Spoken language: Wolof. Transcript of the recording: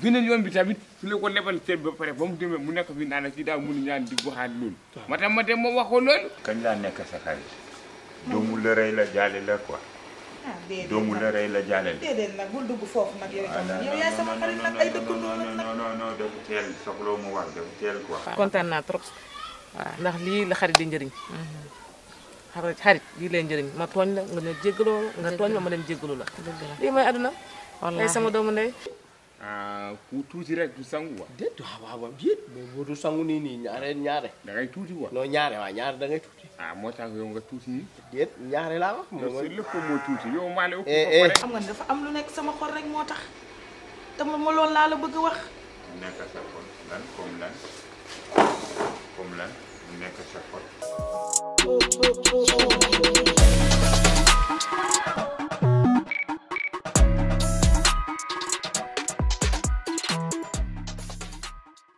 beneen yoon bi tamit su la ko lebal seet ba pare ba mu demee mu nekk fi naan si daaw mënu ñaan di waxaat loolu. ma tax ma dem ma wax ko loolu. laa nekk sa xarit. doomu la rey la jaale la quoi. Ah, doomu la la jaale la. déedéet nag bul dugg foofu nag yow itam ah, yow yaa sama xarit nag ay dëkk non lii la xarit di njëriñ. Mm-hmm. xarit xarit lii lay njëriñ ma tooñ la nga ne jéggaloo nga la. sama doomu ndey ah ku tuuti rek du sangu wa. déet waaw waaw waaw déet du sangu nii nii ñaare ñaare. da ngay tuuti wa. non ñaare waaw ñaare da ngay tuuti. ah moo tax yow nga tuuti ñaare laa wax. moom mooy lépp moo tuuti eh, eh. dafa am lu nekk sama xol rek moo tax te ma loolu laa la bëgg a wax. nekk nekk sa xol. Oh, oh, oh,